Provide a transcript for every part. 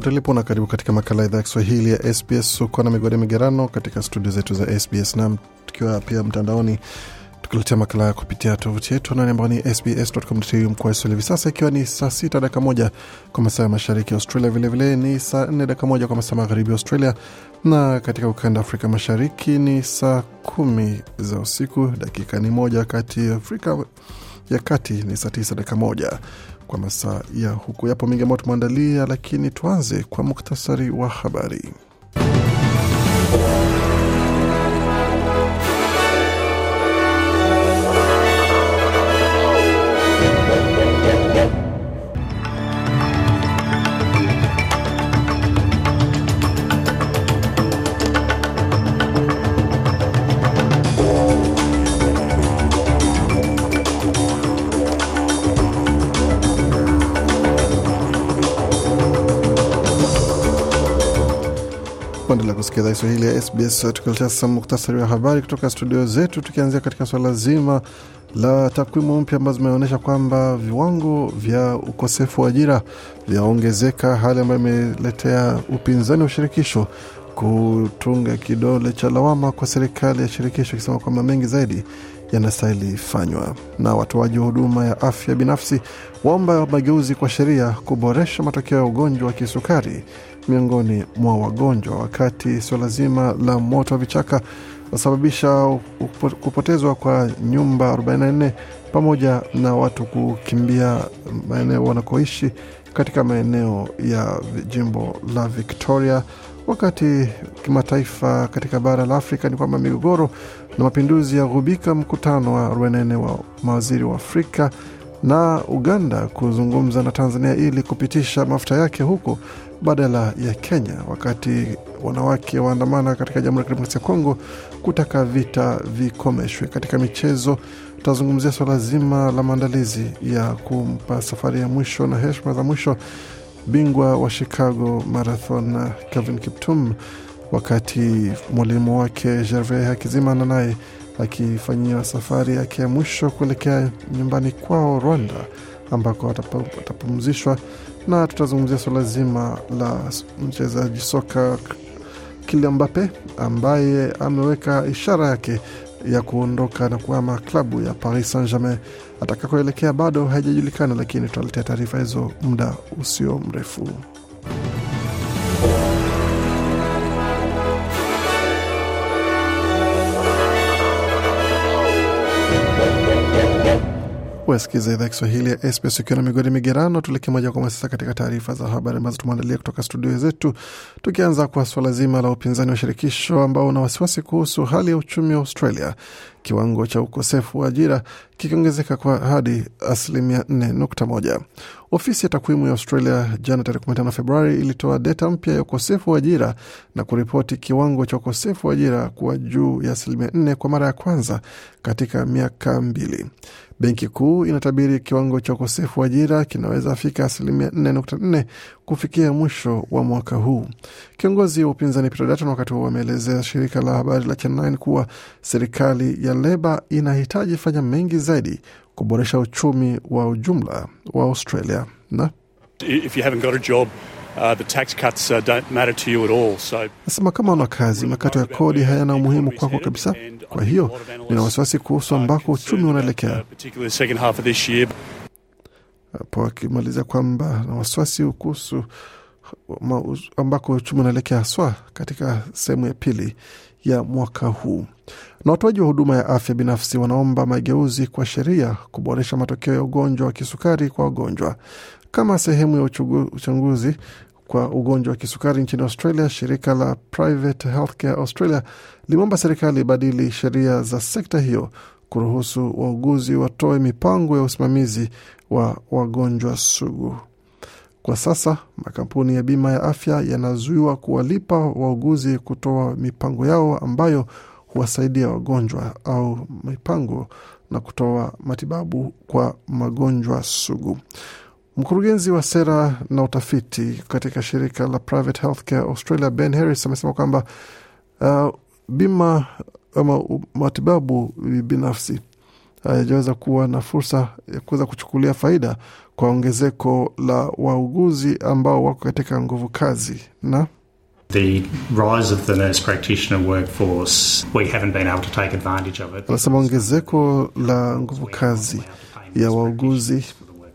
popote ulipo na karibu katika makala idhaa ya Kiswahili ya SBS. Uko na migode migerano katika studio zetu za SBS na tukiwa pia mtandaoni tukiletea makala ya kupitia tovuti yetu nani ambao ni sbs.com.au mkoa Swahili hivi sasa, ikiwa ni saa sita dakika moja kwa masaa ya mashariki ya Australia, vilevile vile, ni saa nne dakika moja kwa masaa magharibi ya Australia, na katika ukanda Afrika Mashariki ni saa kumi za usiku dakika ni moja, kati Afrika ya kati ni saa tisa dakika moja kwa masaa ya huku. Yapo mengi ambayo tumeandalia, lakini tuanze kwa muktasari wa habari. kusikia Kiswahili ya SBS tukiletea sasa muktasari wa habari kutoka studio zetu, tukianzia katika suala zima la takwimu mpya ambazo zimeonyesha kwamba viwango vya ukosefu wa ajira vyaongezeka, hali ambayo imeletea upinzani wa shirikisho kutunga kidole cha lawama kwa serikali ya shirikisho ikisema kwamba mengi zaidi yanastahili fanywa. Na watoaji wa huduma ya afya binafsi waomba mageuzi kwa sheria kuboresha matokeo ya ugonjwa wa kisukari miongoni mwa wagonjwa, wakati suala zima la moto wa vichaka unasababisha kupotezwa kwa nyumba 44 pamoja na watu kukimbia maeneo wanakoishi katika maeneo ya jimbo la Victoria. Wakati kimataifa katika bara la Afrika ni kwamba migogoro na mapinduzi ya ghubika mkutano wa 44 wa mawaziri wa Afrika na Uganda kuzungumza na Tanzania ili kupitisha mafuta yake huko badala ya Kenya, wakati wanawake waandamana katika Jamhuri ya Kidemokrasia ya Kongo kutaka vita vikomeshwe. Katika michezo, tutazungumzia swala zima la maandalizi ya kumpa safari ya mwisho na heshima za mwisho bingwa wa Chicago Marathon Kevin Kiptum wakati mwalimu wake Gervais Hakizimana naye akifanyiwa safari yake ya mwisho kuelekea nyumbani kwao Rwanda, ambako atapumzishwa. Na tutazungumzia suala zima la mchezaji soka Kylian Mbappe ambaye ameweka ishara yake ya kuondoka na kuhama klabu ya Paris Saint-Germain. Atakakoelekea bado haijajulikana, lakini tutaletea taarifa hizo muda usio mrefu. kuwasikiza idhaa Kiswahili ya SBS ukiwa na migodi migerano. Tuelekee moja kwa moja sasa katika taarifa za habari ambazo tumeandalia kutoka studio zetu, tukianza kwa swala zima la upinzani wa shirikisho ambao una wasiwasi kuhusu hali ya uchumi wa Australia, kiwango cha ukosefu wa ajira kikiongezeka kwa hadi asilimia 4.1. Ofisi ya takwimu ya Australia jana tarehe 15 Februari ilitoa data mpya ya ukosefu wa ajira na kuripoti kiwango cha ukosefu wa ajira kuwa juu ya asilimia 4 kwa mara ya kwanza katika miaka mbili. Benki Kuu inatabiri kiwango cha ukosefu wa ajira kinaweza fika asilimia 4.4 kufikia mwisho wa mwaka huu. Kiongozi wa upinzani Peter Dutton wakati huo ameelezea shirika la habari la Channel 9 kuwa serikali ya Leba inahitaji fanya mengi zaidi kuboresha uchumi wa ujumla wa Australia na If you haven't got a job, Uh, the tax cuts, uh, don't matter to you at all. So, nasema kama una kazi, makato ya kodi hayana umuhimu kwako kabisa. Kwa hiyo nina wasiwasi kuhusu ambako uchumi unaelekea. Uh, Hapo akimaliza kwamba na wasiwasi kuhusu ambako uchumi unaelekea haswa katika sehemu ya pili ya mwaka huu na watoaji wa huduma ya afya binafsi wanaomba mageuzi kwa sheria kuboresha matokeo ya ugonjwa wa kisukari kwa wagonjwa. Kama sehemu ya uchunguzi kwa ugonjwa wa kisukari nchini Australia, shirika la Private Healthcare Australia limeomba serikali badili sheria za sekta hiyo kuruhusu wauguzi watoe mipango ya usimamizi wa wagonjwa sugu. Kwa sasa makampuni ya bima ya afya yanazuiwa kuwalipa wauguzi kutoa mipango yao ambayo huwasaidia wagonjwa au mipango na kutoa matibabu kwa magonjwa sugu. Mkurugenzi wa sera na utafiti katika shirika la Private Healthcare Australia, Ben Harris, amesema kwamba uh, bima ama matibabu binafsi hayajaweza uh, kuwa na fursa ya kuweza kuchukulia faida kwa ongezeko la wauguzi ambao wako katika nguvu kazi na Anasema ongezeko la nguvu kazi ya wauguzi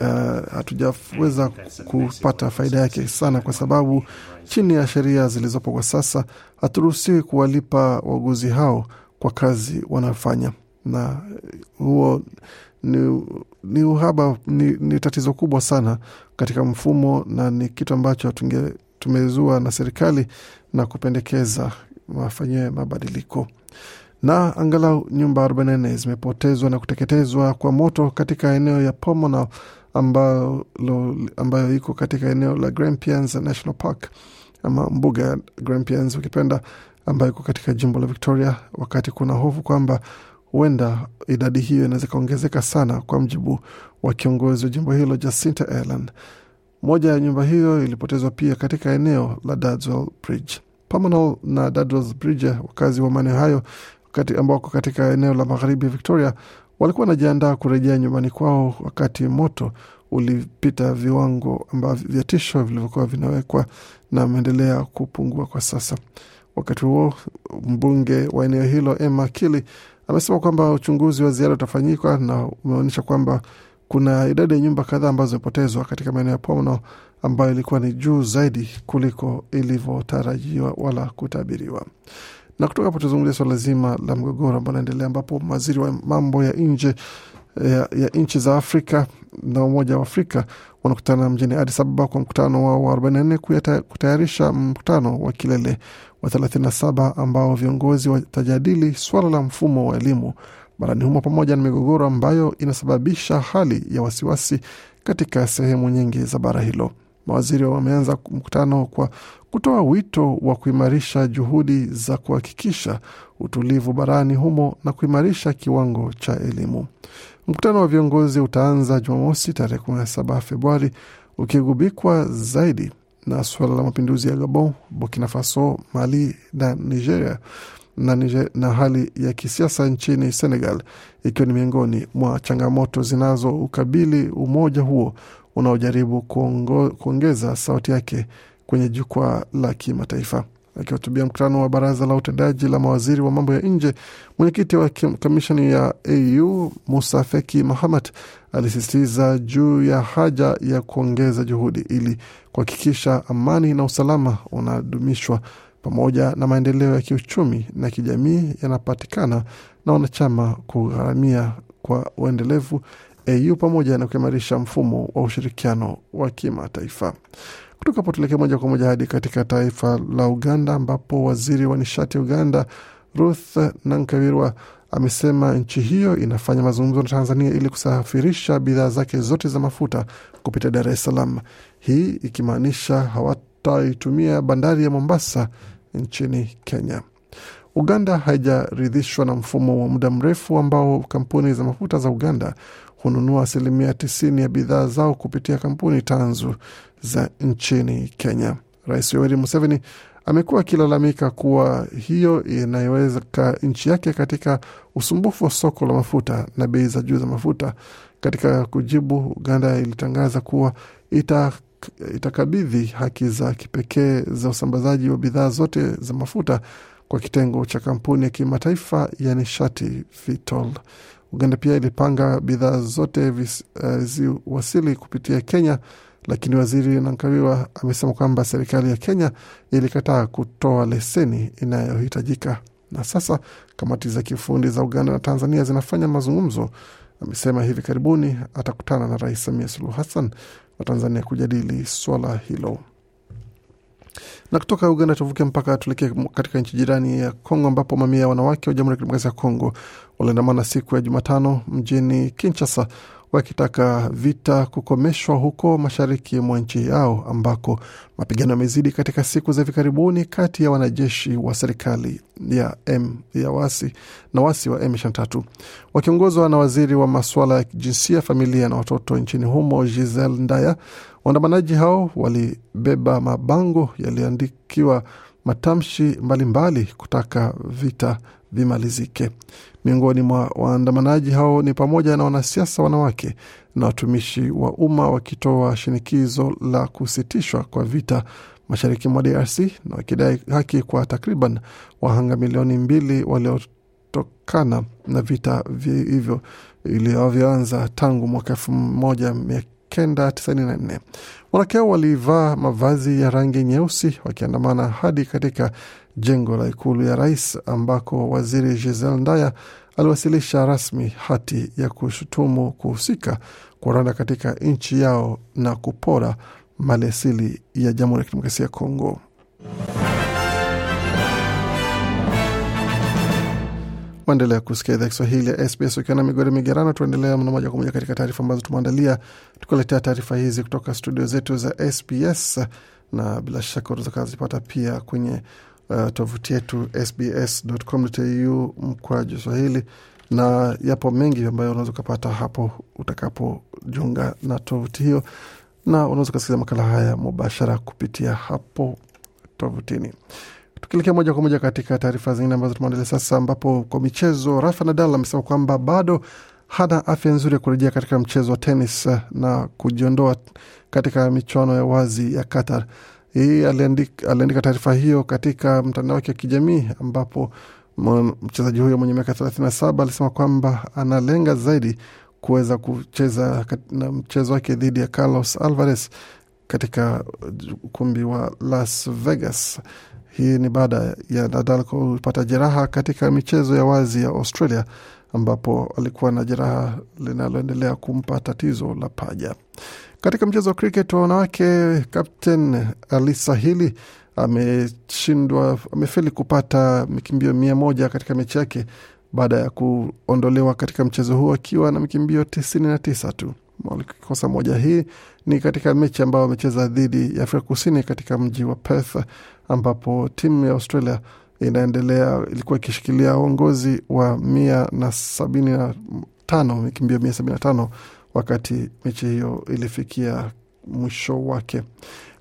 uh, hatujaweza kupata faida yake sana, kwa sababu chini ya sheria zilizopo kwa sasa haturuhusiwi kuwalipa wauguzi hao kwa kazi wanayofanya, na uh, huo ni, ni uhaba, ni, ni tatizo kubwa sana katika mfumo na ni kitu ambacho tunge tumezua na serikali na kupendekeza wafanyiwe mabadiliko na angalau nyumba 44 zimepotezwa na kuteketezwa kwa moto katika eneo ya Pomona ambayo, ambayo iko katika eneo la Grampians National Park ama mbuga ya Grampians ukipenda, ambayo iko katika jimbo la Victoria, wakati kuna hofu kwamba huenda idadi hiyo inaweza ikaongezeka sana, kwa mjibu wa kiongozi wa jimbo hilo Jacinta Allen. Moja ya nyumba hiyo ilipotezwa pia katika eneo la Dadwell Bridge. Pamanal na Dadwell Bridge, wakazi wa maeneo hayo wakati wako katika eneo la magharibi ya Victoria walikuwa wanajiandaa kurejea nyumbani kwao wakati moto ulipita viwango ambavyo vya tisho vilivyokuwa vinawekwa na ameendelea kupungua kwa sasa. Wakati huo mbunge wa eneo hilo Emma Kili amesema kwamba uchunguzi wa ziada utafanyika na umeonyesha kwamba kuna idadi ya nyumba kadhaa ambazo zimepotezwa katika maeneo ya Pono ambayo ilikuwa ni juu zaidi kuliko ilivyotarajiwa wala kutabiriwa. Na kutoka hapo tuzungumzia swala zima la mgogoro ambao unaendelea, ambapo waziri wa mambo ya nje ya, eh, ya nchi za Afrika na Umoja wa Afrika wanakutana mjini Addis Ababa kwa mkutano wao wa 44 kutayarisha mkutano wa kilele wa 37 ambao viongozi watajadili swala la mfumo wa elimu barani humo pamoja na migogoro ambayo inasababisha hali ya wasiwasi katika sehemu nyingi za bara hilo. Mawaziri wameanza mkutano kwa kutoa wito wa kuimarisha juhudi za kuhakikisha utulivu barani humo na kuimarisha kiwango cha elimu. Mkutano wa viongozi utaanza Jumamosi tarehe 17 Februari, ukigubikwa zaidi na suala la mapinduzi ya Gabon, Burkina Faso, Mali na Nigeria na, nije, na hali ya kisiasa nchini Senegal ikiwa ni miongoni mwa changamoto zinazoukabili umoja huo unaojaribu kuongeza sauti yake kwenye jukwaa la kimataifa. Akihutubia mkutano wa baraza la utendaji la mawaziri wa mambo ya nje, mwenyekiti wa kamishani ya AU Musa Feki Mahamat alisisitiza juu ya haja ya kuongeza juhudi ili kuhakikisha amani na usalama unadumishwa pamoja na maendeleo ya kiuchumi na kijamii yanapatikana na wanachama kugharamia kwa uendelevu AU pamoja na kuimarisha mfumo wa ushirikiano wa kimataifa. Kutoka hapo moja kwa moja hadi katika taifa la Uganda ambapo waziri wa nishati Uganda Ruth Nankabirwa amesema nchi hiyo inafanya mazungumzo na Tanzania ili kusafirisha bidhaa zake zote za mafuta kupitia Dar es Salaam, hii ikimaanisha hawataitumia bandari ya Mombasa nchini Kenya. Uganda haijaridhishwa na mfumo wa muda mrefu ambao kampuni za mafuta za Uganda hununua asilimia tisini ya bidhaa zao kupitia kampuni tanzu za nchini Kenya. Rais Yoweri Museveni amekuwa akilalamika kuwa hiyo inayoweka nchi yake katika usumbufu wa soko la mafuta na bei za juu za mafuta. Katika kujibu, Uganda ilitangaza kuwa ita itakabidhi haki za kipekee za usambazaji wa bidhaa zote za mafuta kwa kitengo cha kampuni ya kimataifa ya nishati Vitol. Uganda pia ilipanga bidhaa zote eh, ziwasili kupitia Kenya, lakini waziri Nankariwa amesema kwamba serikali ya Kenya ilikataa kutoa leseni inayohitajika. Na sasa kamati za kiufundi za Uganda na Tanzania zinafanya mazungumzo. Amesema hivi karibuni atakutana na Rais Samia Suluhu Hassan wa Tanzania kujadili swala hilo. Na kutoka Uganda tuvuke mpaka tuelekee katika nchi jirani ya Kongo, ambapo mamia ya wanawake wa Jamhuri ya Kidemokrasia ya Kongo waliandamana siku ya Jumatano mjini Kinshasa wakitaka vita kukomeshwa huko mashariki mwa nchi yao ambako mapigano yamezidi katika siku za hivi karibuni kati ya wanajeshi wa serikali ya, M, ya wasi na wasi wa M23 wakiongozwa na waziri wa masuala ya jinsia, familia na watoto nchini humo Giselle Ndaya. Waandamanaji hao walibeba mabango yaliyoandikiwa matamshi mbalimbali mbali kutaka vita vimalizike. Miongoni mwa waandamanaji hao ni pamoja na wanasiasa wanawake na watumishi wa umma wakitoa shinikizo la kusitishwa kwa vita mashariki mwa DRC na wakidai haki kwa takriban wahanga milioni mbili waliotokana na vita hivyo vilivyoanza tangu mwaka elfu moja mia kenda tisini na nne. Wanakeo walivaa mavazi ya rangi nyeusi wakiandamana hadi katika jengo la ikulu ya rais ambako waziri Gisel Ndaya aliwasilisha rasmi hati ya kushutumu kuhusika kwa Rwanda katika nchi yao na kupora maliasili ya Jamhuri ya Kidemokrasia ya Kongo. Waendelea kusikia idhaa Kiswahili ya SBS ukiwa na migodi migerano. Tuendelea mna moja kwa moja katika taarifa ambazo tumeandalia, tukuletea taarifa hizi kutoka studio zetu za SBS na bila shaka utazokazipata pia kwenye uh, tovuti yetu sbs.com.au mkwaju Swahili, na yapo mengi ambayo unaweza ukapata hapo utakapojunga na tovuti hiyo, na unaweza ukasikiliza makala haya mubashara kupitia hapo tovutini. Tukielekea moja kwa moja katika taarifa zingine ambazo tumeandalia sasa, ambapo kwa michezo, Rafa Nadal amesema kwamba bado hana afya nzuri ya kurejea katika mchezo wa tenis eh, na kujiondoa katika michuano ya wazi ya Qatar hii aliandika, aliandika taarifa hiyo katika mtandao wake wa kijamii ambapo mchezaji huyo mwenye miaka 37 alisema kwamba analenga zaidi kuweza kucheza na mchezo wake dhidi ya Carlos Alvarez katika ukumbi wa Las Vegas. Hii ni baada ya Nadal kupata jeraha katika michezo ya wazi ya Australia ambapo alikuwa na jeraha linaloendelea kumpa tatizo la paja. Katika mchezo wa cricket wa wanawake, Captain alisa hili ameshindwa, amefeli kupata mikimbio mia moja katika mechi yake baada ya kuondolewa katika mchezo huo akiwa na mikimbio tisa tu. Kosa moja hii ni katika mechi ambayo amecheza dhidi ya Afrika Kusini katika mji wa Perth, ambapo timu ya Australia inaendelea ilikuwa ikishikilia uongozi wa mia na sabini na tano mikimbio mia sabini na tano wakati mechi hiyo ilifikia mwisho wake.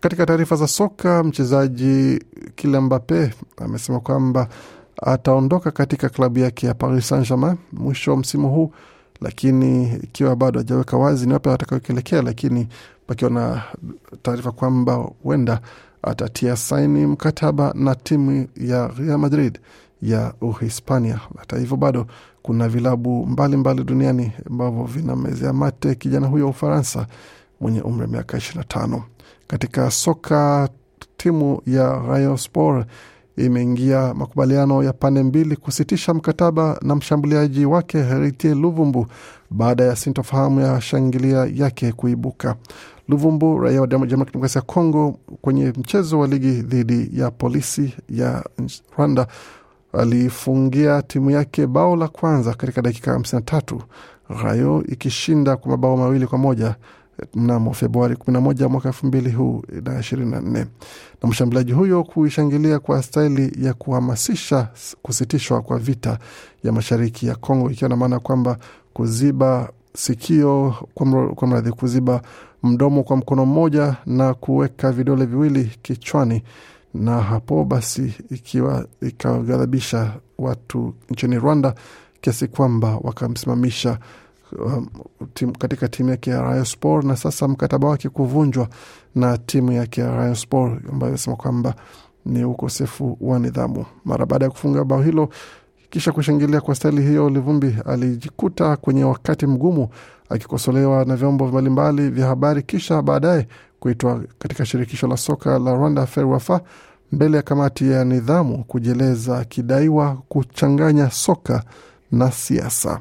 Katika taarifa za soka, mchezaji Kylian Mbappe amesema kwamba ataondoka katika klabu yake ya Paris Saint-Germain mwisho wa msimu huu, lakini ikiwa bado hajaweka wazi ni wapi atakayoelekea, lakini pakiwa na taarifa kwamba huenda atatia saini mkataba na timu ya Real Madrid ya Uhispania. Hata hivyo bado kuna vilabu mbalimbali mbali duniani ambavyo vinamezea mate kijana huyo wa Ufaransa mwenye umri wa miaka tano. Katika soka, timu ya Rayo Sport imeingia makubaliano ya pande mbili kusitisha mkataba na mshambuliaji wake Heritier Luvumbu baada ya sintofahamu ya shangilia yake kuibuka. Luvumbu, raia wa Jamhuri ya Kidemokrasia ya Kongo, kwenye mchezo wa ligi dhidi ya polisi ya Rwanda alifungia timu yake bao la kwanza katika dakika 53, Rayo ikishinda kwa mabao mawili kwa moja mnamo Februari 11 mwaka 2000 huu na 24, na mshambuliaji huyo kuishangilia kwa staili ya kuhamasisha kusitishwa kwa vita ya mashariki ya congo ikiwa na maana kwamba kuziba sikio kwa mradhi, kuziba mdomo kwa mkono mmoja na kuweka vidole viwili kichwani na hapo basi ikiwa ikaghadhabisha watu nchini Rwanda kiasi kwamba wakamsimamisha um, tim, katika timu yake ya rayospor na sasa mkataba wake kuvunjwa na timu yake ya rayospor ambayo inasema kwamba ni ukosefu wa nidhamu. Mara baada ya kufunga bao hilo kisha kushangilia kwa stali hiyo, Livumbi alijikuta kwenye wakati mgumu akikosolewa na vyombo mbalimbali vya habari, kisha baadaye kuitwa katika shirikisho la soka la Rwanda FERWAFA mbele ya kamati ya nidhamu kujieleza akidaiwa kuchanganya soka na siasa.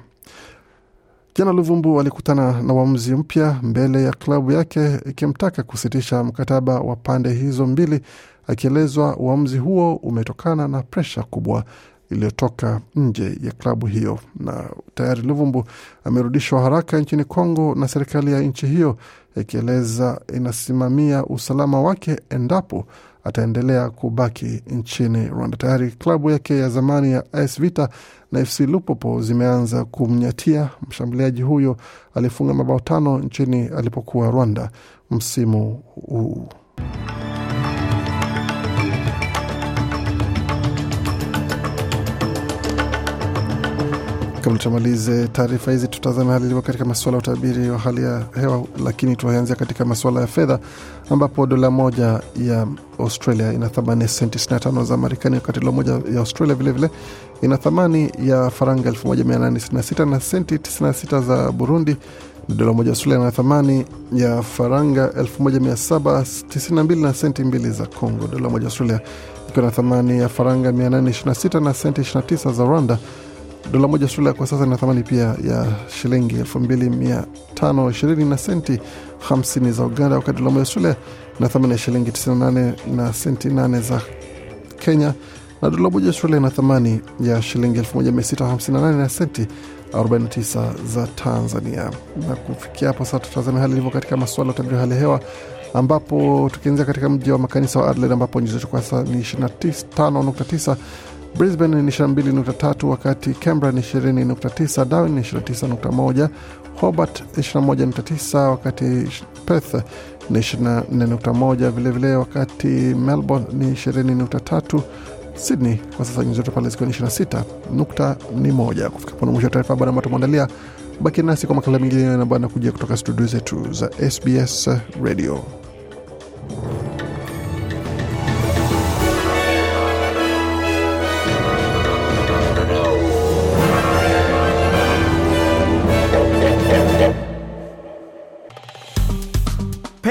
Jana Luvumbu alikutana na uamuzi mpya mbele ya klabu yake ikimtaka kusitisha mkataba wa pande hizo mbili, akielezwa uamuzi huo umetokana na presha kubwa iliyotoka nje ya klabu hiyo. Na tayari Luvumbu amerudishwa haraka nchini Kongo na serikali ya nchi hiyo ikieleza inasimamia usalama wake endapo ataendelea kubaki nchini Rwanda. Tayari klabu yake ya zamani ya AS Vita na FC Lupopo zimeanza kumnyatia mshambuliaji huyo aliyefunga mabao tano nchini alipokuwa Rwanda msimu huu. Kabla tumalize taarifa hizi, tutazame hali ilivyo katika masuala ya utabiri wa hali ya hewa, lakini tuanzia katika masuala ya fedha ambapo dola moja ya Australia ina thamani senti 65 za Marekani, wakati dola moja ya Australia vilevile vile ina thamani ya faranga 1866 na senti 96 za Burundi. Dola moja ya Australia ina thamani ya faranga 1792 na senti mbili za Congo, dola moja ya Australia ikiwa na thamani ya faranga 826 na senti 29 za Rwanda Dola moja Australia kwa sasa ina thamani pia ya shilingi 2520 na senti 50 za Uganda, wakati dola moja Australia ina thamani ya shilingi 98 na senti 8 za Kenya, na dola moja Australia ina thamani ya shilingi 1658 na senti 49 za Tanzania. Na kufikia hapo sasa, tutazame hali ilivyo katika masuala ya utabiri hali ya hewa ambapo tukianzia katika mji wa makanisa wa Adelaide ambapo nyuzi joto kwa sasa ni 25.9 Brisbane ni 22.3, wakati Canberra ni 20.9, Darwin ni 29.1, Hobart 21.9, wakati Perth ni 24.1, vilevile wakati Melbourne ni 20.3 Sydney kwa sasa nyuzi joto pale zikiwa ni 26 nukta ni moja. Kufika pona mwisho wa taarifa habari ambayo tumeandalia. Baki nasi kwa makala mengine ambayo kuja kutoka studio zetu za SBS Radio.